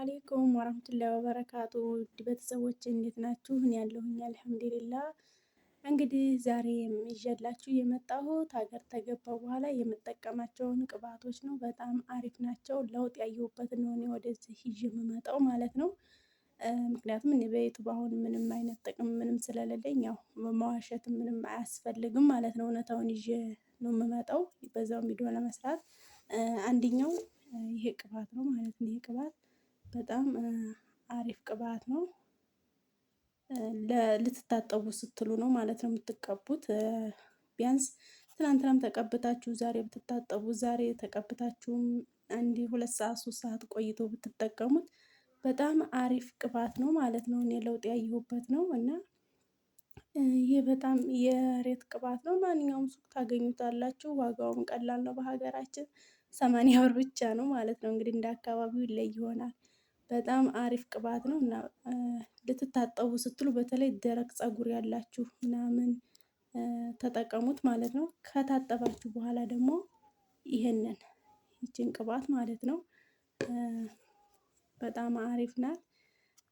አሌይኩም ወረህመቱላሂ ወበረካቱ ውድ ቤተሰቦች እንዴት ናችሁ? እኔ ያለሁኝ አልሐምዱሊላ። እንግዲህ ዛሬ ይዤላችሁ የመጣሁት ሀገር ከገባሁ በኋላ የምጠቀማቸውን ቅባቶች ነው። በጣም አሪፍ ናቸው። ለውጥ ያየሁበትን ነው እኔ ወደዚህ ይዤ የምመጣው ማለት ነው። ምክንያቱም እኔ በዩቱብ አሁን ምንም አይነት ጥቅም ምንም ስለሌለኝ ያው መዋሸት ምንም አያስፈልግም ማለት ነው። እውነታውን ይዤ ነው የምመጣው በዛው ቪዲዮ ለመስራት አንደኛው ይሄ ቅባት ነው ማለት ነው። ይሄ ቅባት በጣም አሪፍ ቅባት ነው። ልትታጠቡ ስትሉ ነው ማለት ነው የምትቀቡት። ቢያንስ ትናንትናም ተቀብታችሁ ዛሬ ብትታጠቡ፣ ዛሬ ተቀብታችሁም አንድ ሁለት ሰዓት ሶስት ሰዓት ቆይቶ ብትጠቀሙት በጣም አሪፍ ቅባት ነው ማለት ነው። እኔ ለውጥ ያየሁበት ነው እና ይህ በጣም የሬት ቅባት ነው። ማንኛውም ሱቅ ታገኙታላችሁ። ዋጋውም ቀላል ነው። በሀገራችን ሰማንያ ብር ብቻ ነው ማለት ነው። እንግዲህ እንደ አካባቢው ይለይ ይሆናል። በጣም አሪፍ ቅባት ነው እና ልትታጠቡ ስትሉ በተለይ ደረቅ ፀጉር ያላችሁ ምናምን ተጠቀሙት ማለት ነው። ከታጠባችሁ በኋላ ደግሞ ይህንን ይችን ቅባት ማለት ነው በጣም አሪፍ ናት።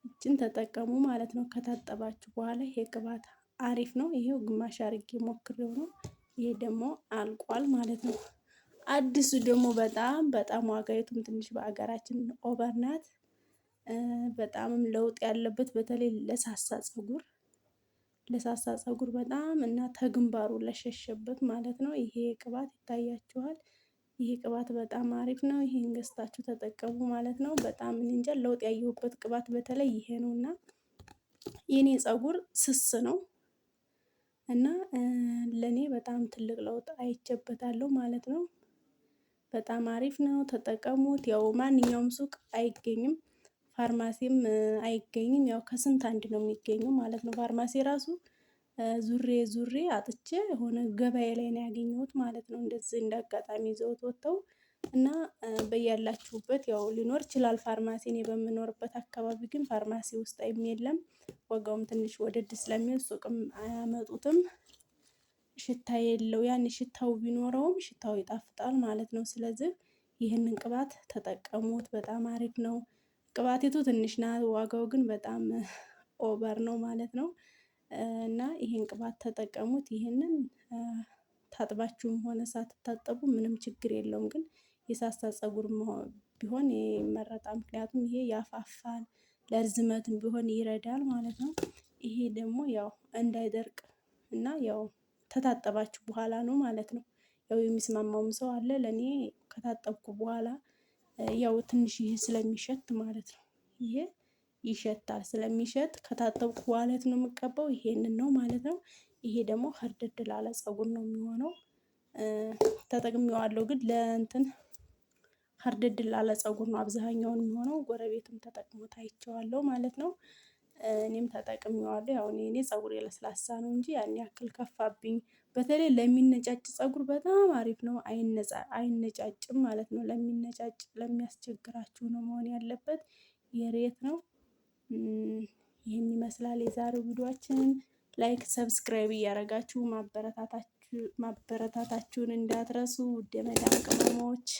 ይችን ተጠቀሙ ማለት ነው። ከታጠባችሁ በኋላ ይሄ ቅባት አሪፍ ነው። ይሄው ግማሽ አርጌ ሞክሬው ነው። ይሄ ደግሞ አልቋል ማለት ነው። አዲሱ ደግሞ በጣም በጣም ዋጋይቱም ትንሽ በሀገራችን ኦቨር ናት። በጣምም ለውጥ ያለበት በተለይ ለሳሳ ፀጉር ለሳሳ ፀጉር በጣም እና ተግንባሩ ለሸሸበት ማለት ነው። ይሄ ቅባት ይታያችኋል። ይሄ ቅባት በጣም አሪፍ ነው። ይሄን ገዝታችሁ ተጠቀሙ ማለት ነው። በጣም እንጃ ለውጥ ያየሁበት ቅባት በተለይ ይሄ ነው እና የኔ ፀጉር ስስ ነው እና ለእኔ በጣም ትልቅ ለውጥ አይቼበታለሁ ማለት ነው። በጣም አሪፍ ነው፣ ተጠቀሙት። ያው ማንኛውም ሱቅ አይገኝም ፋርማሲም አይገኝም። ያው ከስንት አንድ ነው የሚገኘው ማለት ነው። ፋርማሲ ራሱ ዙሬ ዙሬ አጥቼ የሆነ ገበያ ላይ ነው ያገኘሁት ማለት ነው። እንደዚህ እንደ አጋጣሚ ይዘውት ወጥተው እና በያላችሁበት ያው ሊኖር ይችላል ፋርማሲ። እኔ በምኖርበት አካባቢ ግን ፋርማሲ ውስጥ የለም። ዋጋውም ትንሽ ወደድ ስለሚል ሱቅም አያመጡትም። ሽታ የለው። ያን ሽታው ቢኖረውም ሽታው ይጣፍጣል ማለት ነው። ስለዚህ ይህንን ቅባት ተጠቀሙት፣ በጣም አሪፍ ነው። ቅባቴቱ ትንሽ ናት፣ ዋጋው ግን በጣም ኦቨር ነው ማለት ነው። እና ይህን ቅባት ተጠቀሙት። ይህንን ታጥባችሁም ሆነ ሳትታጠቡ ምንም ችግር የለውም። ግን የሳሳ ፀጉር ቢሆን ይመረጣል። ምክንያቱም ይሄ ያፋፋል፣ ለርዝመትም ቢሆን ይረዳል ማለት ነው። ይሄ ደግሞ ያው እንዳይደርቅ እና ያው ከታጠባችሁ በኋላ ነው ማለት ነው። ያው የሚስማማውም ሰው አለ። ለእኔ ከታጠብኩ በኋላ ያው ትንሽ ይሄ ስለሚሸት ማለት ነው። ይሄ ይሸታል ስለሚሸት ከታጠብኩ ዋለት ነው የምቀባው። ይሄንን ነው ማለት ነው። ይሄ ደግሞ ሀርድድ ላለ ጸጉር ነው የሚሆነው። ተጠቅሜዋለሁ ግን ለእንትን ሀርድድ ላለ ጸጉር ነው አብዛኛውን የሚሆነው። ጎረቤትም ተጠቅሞ ታይቸዋለው ማለት ነው። እኔም ተጠቅሜዋለሁ። ያው እኔ ፀጉሬ የለስላሳ ነው እንጂ ያን ያክል ከፋብኝ። በተለይ ለሚነጫጭ ፀጉር በጣም አሪፍ ነው አይነጫጭም ማለት ነው። ለሚነጫጭ ለሚያስቸግራችሁ ነው መሆን ያለበት የሬት ነው። ይህን ይመስላል የዛሬው ቪዲዮአችንን ላይክ ሰብስክራይብ እያደረጋችሁ ማበረታታችሁን እንዳትረሱ ውድ የመዳም ቅመሞች